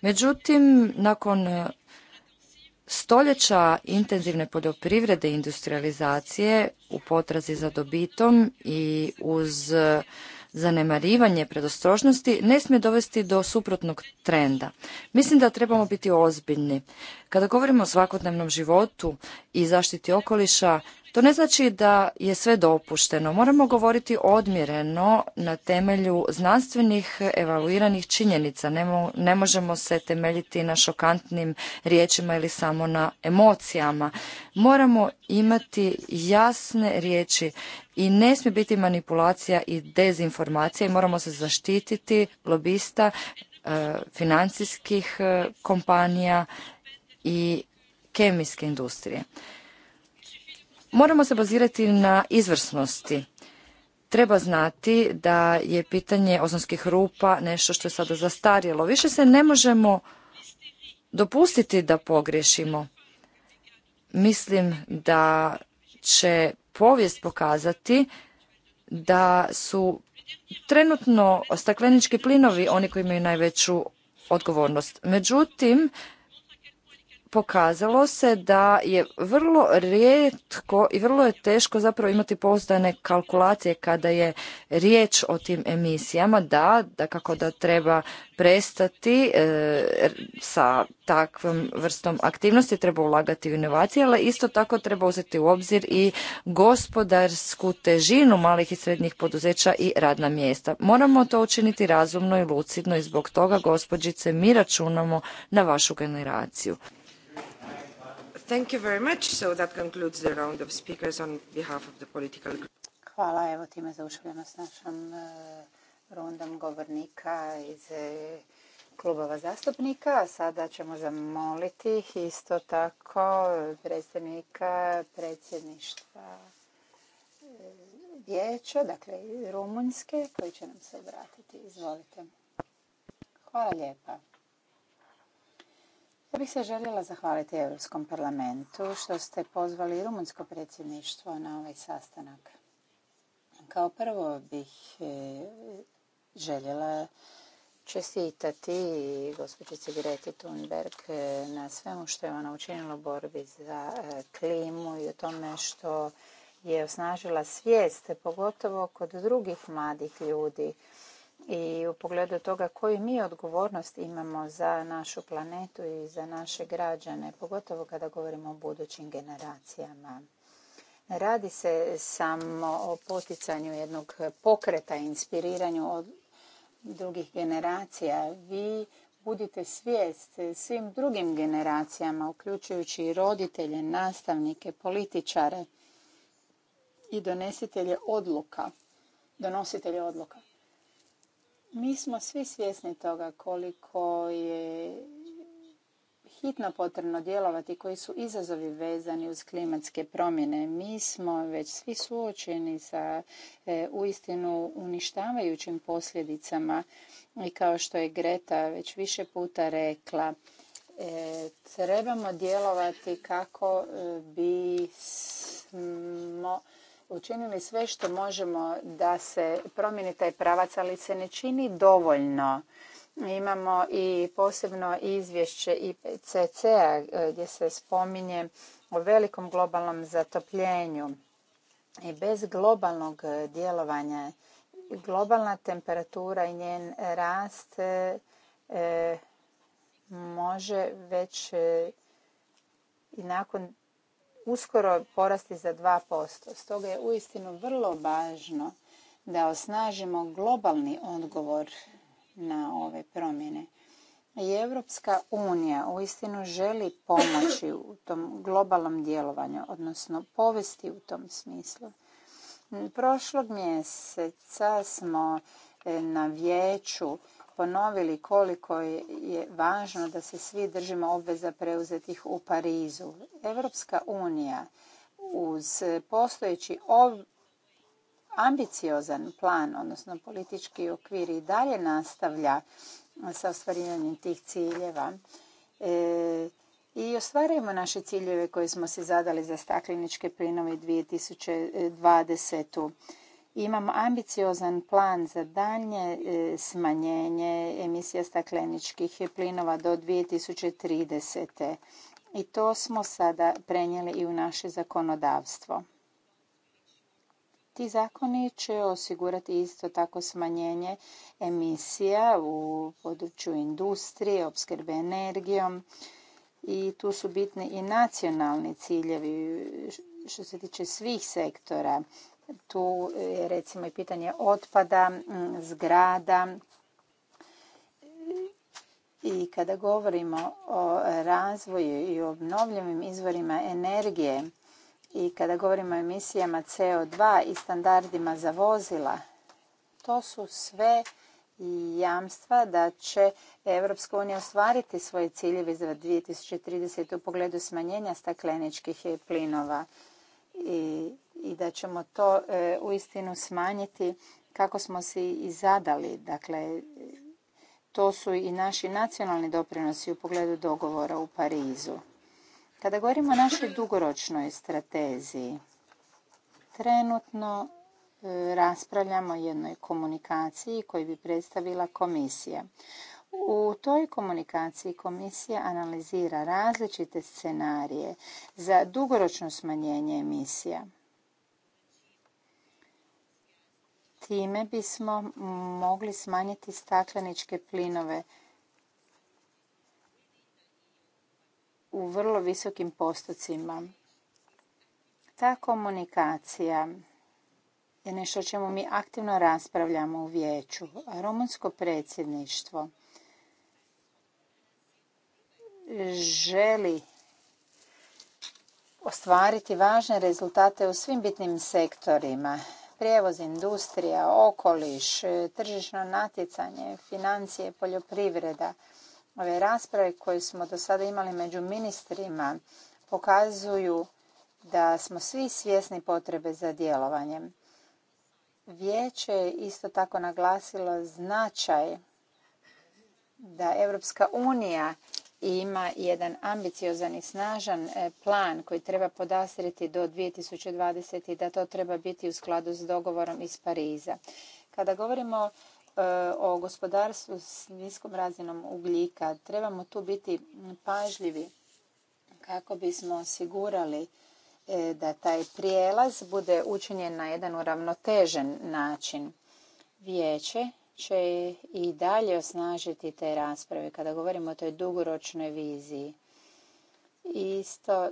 Međutim, nakon e, stoljeća intenzivne poljoprivrede i industrializacije u potrazi za dobitom i uz e, zanemarivanje predostrožnosti ne smije dovesti do suprotnog trenda. Mislim da trebamo biti ozbiljni. Kada govorimo o svakodnevnom životu i zaštiti okoliša, to ne znači da je sve dopušteno. Moramo govoriti odmjereno na temelju znanstvenih evaluiranih činjenica. Ne, možemo se temeljiti na šokantnim riječima ili samo na emocijama. Moramo imati jasne riječi i ne smije biti manipulacija i dezinformacija i moramo se zaštititi lobista, e, financijskih e, kompanija i kemijske industrije. Moramo se bazirati na izvrsnosti. Treba znati da je pitanje ozonskih rupa nešto što je sada zastarjelo. Više se ne možemo dopustiti da pogriješimo. Mislim da će povijest pokazati da su trenutno staklenički plinovi oni koji imaju najveću odgovornost. Međutim, pokazalo se da je vrlo rijetko i vrlo je teško zapravo imati pouzdane kalkulacije kada je riječ o tim emisijama. Da, da kako da treba prestati e, sa takvom vrstom aktivnosti, treba ulagati u inovacije, ali isto tako treba uzeti u obzir i gospodarsku težinu malih i srednjih poduzeća i radna mjesta. Moramo to učiniti razumno i lucidno i zbog toga, gospođice, mi računamo na vašu generaciju. Thank you very Hvala, evo time zaušljeno s našom e, rundom govornika iz e, klubova zastupnika. sada ćemo zamoliti isto tako predstavnika predsjedništva e, vijeća, dakle Rumunjske, koji će nam se obratiti. Izvolite. Hvala lijepa. Ja bih se željela zahvaliti Europskom parlamentu što ste pozvali rumunsko predsjedništvo na ovaj sastanak. Kao prvo bih e, željela čestitati gospođici Greti Thunberg e, na svemu što je ona učinila u borbi za e, klimu i o tome što je osnažila svijest, pogotovo kod drugih mladih ljudi i u pogledu toga koju mi odgovornost imamo za našu planetu i za naše građane, pogotovo kada govorimo o budućim generacijama. radi se samo o poticanju jednog pokreta, inspiriranju od drugih generacija. Vi budite svijest svim drugim generacijama, uključujući i roditelje, nastavnike, političare i donesitelje odluka, donositelje odluka. Mi smo svi svjesni toga koliko je hitno potrebno djelovati, koji su izazovi vezani uz klimatske promjene. Mi smo već svi suočeni sa e, uistinu uništavajućim posljedicama i kao što je Greta već više puta rekla, e, trebamo djelovati kako e, bismo učinili sve što možemo da se promijeni taj pravac, ali se ne čini dovoljno. Imamo i posebno izvješće IPCC-a e, gdje se spominje o velikom globalnom zatopljenju. I bez globalnog djelovanja, globalna temperatura i njen rast e, e, može već i nakon uskoro porasti za 2%. Stoga je uistinu vrlo važno da osnažimo globalni odgovor na ove promjene. I Europska unija uistinu želi pomoći u tom globalnom djelovanju, odnosno povesti u tom smislu. Prošlog mjeseca smo e, na vijeću ponovili koliko je važno da se svi držimo obveza preuzetih u Parizu. Evropska unija uz postojeći ambiciozan plan, odnosno politički okvir i dalje nastavlja sa ostvarivanjem tih ciljeva. E, i ostvarujemo naše ciljeve koje smo si zadali za stakleničke plinove 2020. Imam ambiciozan plan za daljnje e, smanjenje emisija stakleničkih plinova do 2030. I to smo sada prenijeli i u naše zakonodavstvo. Ti zakoni će osigurati isto tako smanjenje emisija u području industrije, opskrbe energijom i tu su bitni i nacionalni ciljevi što se tiče svih sektora tu je recimo i pitanje otpada, mm, zgrada. I kada govorimo o razvoju i obnovljivim izvorima energije i kada govorimo o emisijama CO2 i standardima za vozila, to su sve jamstva da će Europska unija ostvariti svoje ciljeve za 2030. u pogledu smanjenja stakleničkih plinova. I i da ćemo to e, uistinu smanjiti kako smo si i zadali. Dakle, to su i naši nacionalni doprinosi u pogledu dogovora u Parizu. Kada govorimo o našoj dugoročnoj strateziji, trenutno e, raspravljamo jednoj komunikaciji koju bi predstavila komisija. U toj komunikaciji komisija analizira različite scenarije za dugoročno smanjenje emisija. Time bismo mogli smanjiti stakleničke plinove u vrlo visokim postocima. Ta komunikacija je nešto o čemu mi aktivno raspravljamo u vijeću. Rumunsko predsjedništvo želi ostvariti važne rezultate u svim bitnim sektorima prijevoz, industrija, okoliš, e, tržišno natjecanje, financije, poljoprivreda. Ove rasprave koje smo do sada imali među ministrima pokazuju da smo svi svjesni potrebe za djelovanjem. Vijeće je isto tako naglasilo značaj da Europska unija ima jedan ambiciozan i snažan e, plan koji treba podastriti do 2020. i da to treba biti u skladu s dogovorom iz Pariza. Kada govorimo e, o gospodarstvu s niskom razinom ugljika, trebamo tu biti pažljivi kako bismo osigurali e, da taj prijelaz bude učinjen na jedan uravnotežen način. Vijeće će i dalje osnažiti te rasprave kada govorimo o toj dugoročnoj viziji. Isto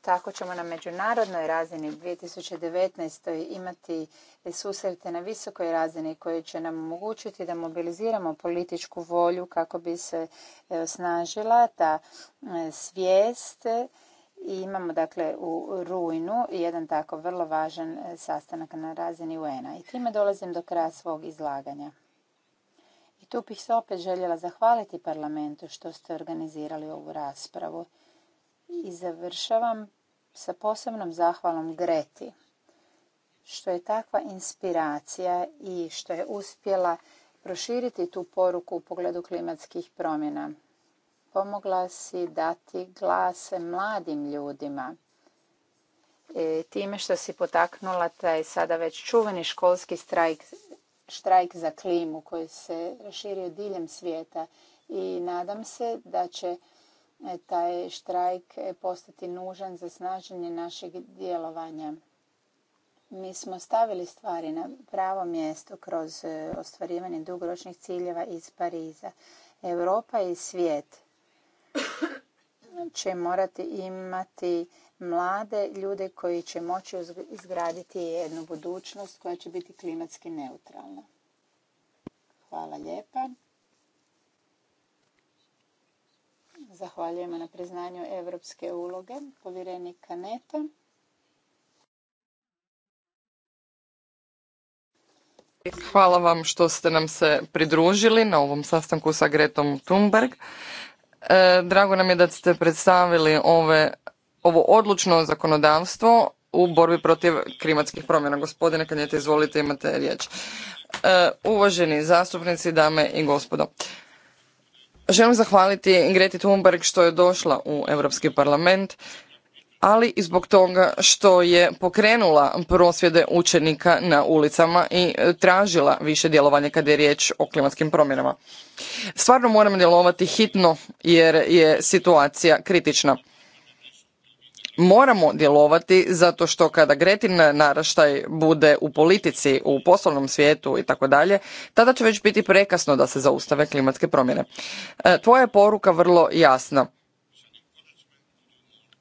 tako ćemo na međunarodnoj razini 2019. imati susrete na visokoj razini koji će nam omogućiti da mobiliziramo političku volju kako bi se e, osnažila ta e, svijest i imamo dakle u rujnu jedan tako vrlo važan e, sastanak na razini UN-a. I time dolazim do kraja svog izlaganja. I tu bih se opet željela zahvaliti parlamentu što ste organizirali ovu raspravu. I završavam sa posebnom zahvalom Greti, što je takva inspiracija i što je uspjela proširiti tu poruku u pogledu klimatskih promjena pomogla si dati glas mladim ljudima. E, time što si potaknula taj sada već čuveni školski strajk, štrajk za klimu koji se raširio diljem svijeta i nadam se da će e, taj štrajk e, postati nužan za snaženje našeg djelovanja. Mi smo stavili stvari na pravo mjesto kroz e, ostvarivanje dugoročnih ciljeva iz Pariza. Europa i svijet će morati imati mlade ljude koji će moći izgraditi jednu budućnost koja će biti klimatski neutralna. Hvala lijepa. Zahvaljujemo na priznanju evropske uloge povjerenika Kaneta. Hvala vam što ste nam se pridružili na ovom sastanku sa Gretom Thunberg. E, drago nam je da ste predstavili ove, ovo odlučno zakonodavstvo u borbi protiv klimatskih promjena. Gospodine Kanjete, izvolite, imate riječ. E, uvaženi zastupnici, dame i gospodo. Želim zahvaliti Greti Thunberg što je došla u Europski parlament ali i zbog toga što je pokrenula prosvjede učenika na ulicama i e, tražila više djelovanje kada je riječ o klimatskim promjenama. Stvarno moramo djelovati hitno jer je situacija kritična. Moramo djelovati zato što kada Gretin naraštaj bude u politici, u poslovnom svijetu i tako dalje, tada će već biti prekasno da se zaustave klimatske promjene. E, tvoja je poruka vrlo jasna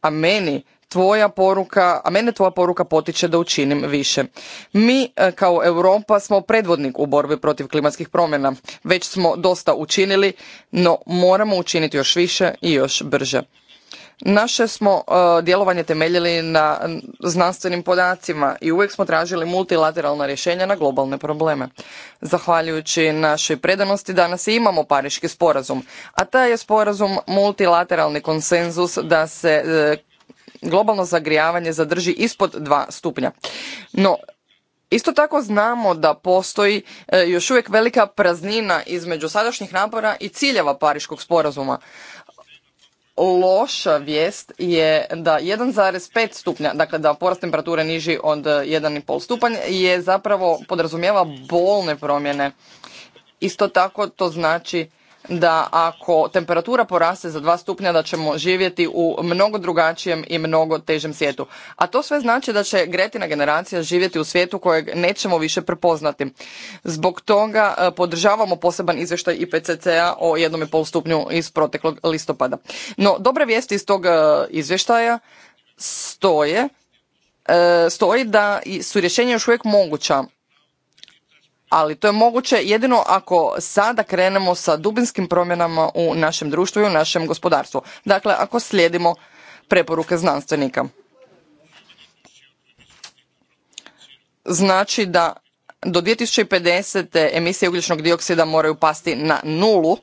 a meni tvoja poruka, a mene tvoja poruka potiče da učinim više. Mi e, kao Europa smo predvodnik u borbi protiv klimatskih promjena. Već smo dosta učinili, no moramo učiniti još više i još brže. Naše smo e, djelovanje temeljili na znanstvenim podacima i uvijek smo tražili multilateralna rješenja na globalne probleme. Zahvaljujući našoj predanosti danas imamo Pariški sporazum, a taj je sporazum multilateralni konsenzus da se e, globalno zagrijavanje zadrži ispod dva stupnja. No, Isto tako znamo da postoji e, još uvijek velika praznina između sadašnjih napora i ciljeva Pariškog sporazuma loša vijest je da 1,5 stupnja, dakle da porast temperature niži od 1,5 e, stupanj je zapravo podrazumijeva bolne promjene. Isto tako to znači da ako temperatura poraste za dva stupnja da ćemo živjeti u mnogo drugačijem i mnogo težem svijetu. A to sve znači da će Gretina generacija živjeti u svijetu kojeg nećemo više prepoznati. Zbog toga e, podržavamo poseban izvještaj IPCC-a o jednom i pol stupnju iz proteklog listopada. No, dobre vijesti iz tog e, izvještaja stoje e, stoji da su rješenja još uvijek moguća ali to je moguće jedino ako sada krenemo sa dubinskim promjenama u našem društvu i u našem gospodarstvu. Dakle, ako slijedimo preporuke znanstvenika. Znači da do 2050. emisije ugljičnog dioksida moraju pasti na nulu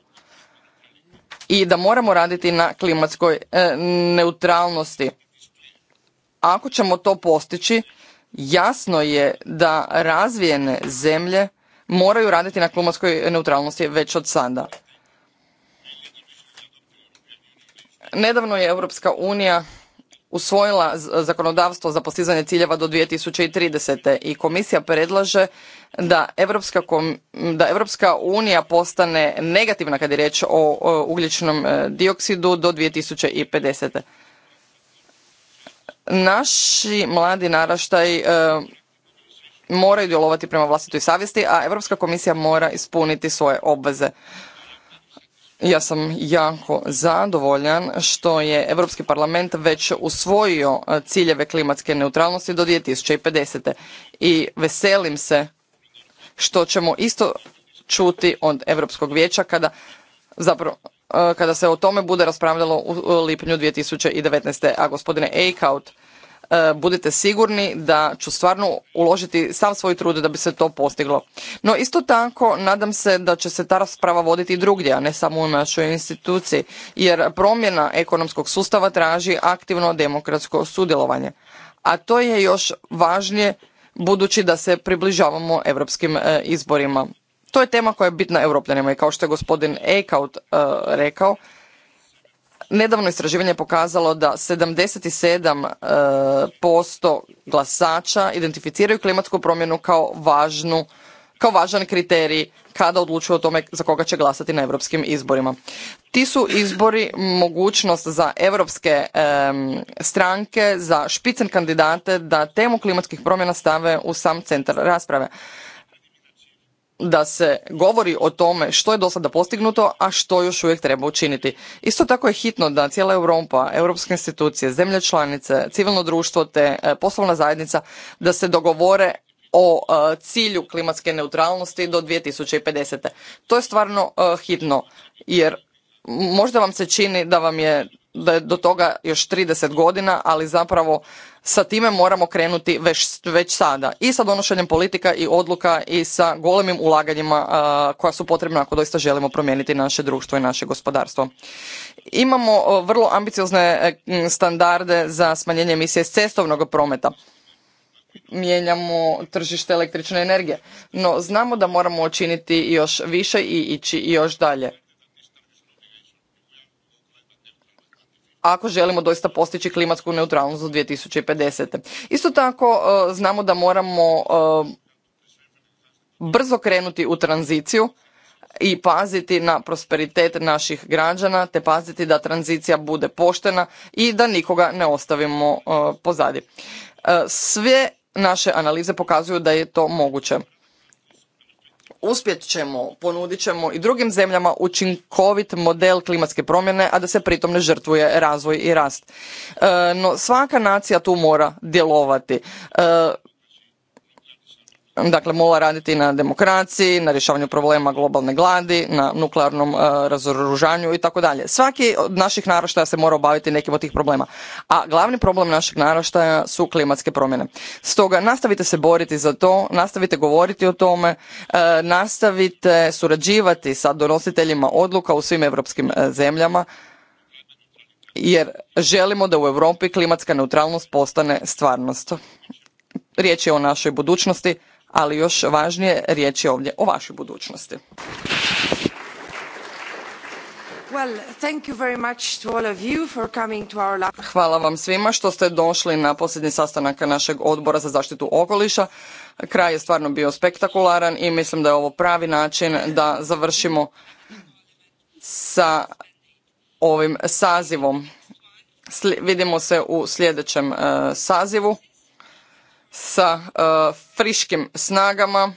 i da moramo raditi na klimatskoj e, neutralnosti. Ako ćemo to postići, jasno je da razvijene zemlje moraju raditi na klimatskoj neutralnosti već od sada. Nedavno je Europska unija usvojila zakonodavstvo za postizanje ciljeva do 2030. i komisija predlaže da Europska, da Europska unija postane negativna kad je riječ o, o ugljičnom e, dioksidu do 2050. Naši mladi naraštaj e, moraju djelovati prema vlastitoj savjesti, a Europska komisija mora ispuniti svoje obveze. Ja sam jako zadovoljan što je Europski parlament već usvojio e, ciljeve klimatske neutralnosti do 2050. I veselim se što ćemo isto čuti od Europskog vijeća kada zapravo e, kada se o tome bude raspravljalo u lipnju 2019. A gospodine Eickhout, E, budite sigurni da ću stvarno uložiti sam svoj trud da bi se to postiglo. No isto tako nadam se da će se ta rasprava voditi i drugdje, a ne samo u našoj instituciji, jer promjena ekonomskog sustava traži aktivno demokratsko sudjelovanje. A to je još važnije budući da se približavamo europskim e, izborima. To je tema koja je bitna evropljanima i kao što je gospodin Ekaut e, rekao, Nedavno istraživanje pokazalo da 77% e, glasača identificiraju klimatsku promjenu kao važnu kao važan kriterij kada odlučuju o tome za koga će glasati na europskim izborima. Ti su izbori mogućnost za europske e, stranke, za špicen kandidate da temu klimatskih promjena stave u sam centar rasprave da se govori o tome što je do sada postignuto, a što još uvijek treba učiniti. Isto tako je hitno da cijela Europa, europske institucije, zemlje članice, civilno društvo te e, poslovna zajednica da se dogovore o e, cilju klimatske neutralnosti do 2050. To je stvarno e, hitno jer možda vam se čini da vam je da je do toga još 30 godina, ali zapravo sa time moramo krenuti već, već sada i sa donošenjem politika i odluka i sa golemim ulaganjima koja su potrebna ako doista želimo promijeniti naše društvo i naše gospodarstvo. Imamo vrlo ambiciozne e, standarde za smanjenje emisije iz cestovnog prometa. Mijenjamo tržište električne energije, no znamo da moramo učiniti još više i ići još dalje. ako želimo doista postići klimatsku neutralnost do 2050. Isto tako e, znamo da moramo e, brzo krenuti u tranziciju i paziti na prosperitet naših građana te paziti da tranzicija bude poštena i da nikoga ne ostavimo e, pozadi. Sve naše analize pokazuju da je to moguće uspjet ćemo, ponudit ćemo i drugim zemljama učinkovit model klimatske promjene, a da se pritom ne žrtvuje razvoj i rast. E, no svaka nacija tu mora djelovati. E, dakle mora raditi na demokraciji, na rješavanju problema globalne gladi, na nuklearnom e, razoružanju i tako dalje. Svaki od naših naraštaja se mora obaviti nekim od tih problema, a glavni problem našeg naraštaja su klimatske promjene. Stoga nastavite se boriti za to, nastavite govoriti o tome, e, nastavite surađivati sa donositeljima odluka u svim europskim e, zemljama jer želimo da u Europi klimatska neutralnost postane stvarnost. Riječ je o našoj budućnosti ali još važnije riječ je ovdje o vašoj budućnosti. Hvala vam svima što ste došli na posljednji sastanak našeg odbora za zaštitu okoliša. Kraj je stvarno bio spektakularan i mislim da je ovo pravi način da završimo sa ovim sazivom. Vidimo se u sljedećem e, sazivu sa e, friškim snagama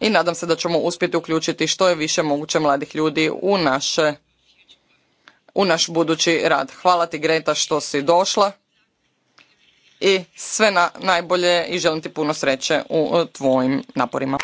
i nadam se da ćemo uspjeti uključiti što je više moguće mladih ljudi u naše u naš budući rad. Hvala ti Greta što si došla i sve najbolje i želim ti puno sreće u e, tvojim naporima.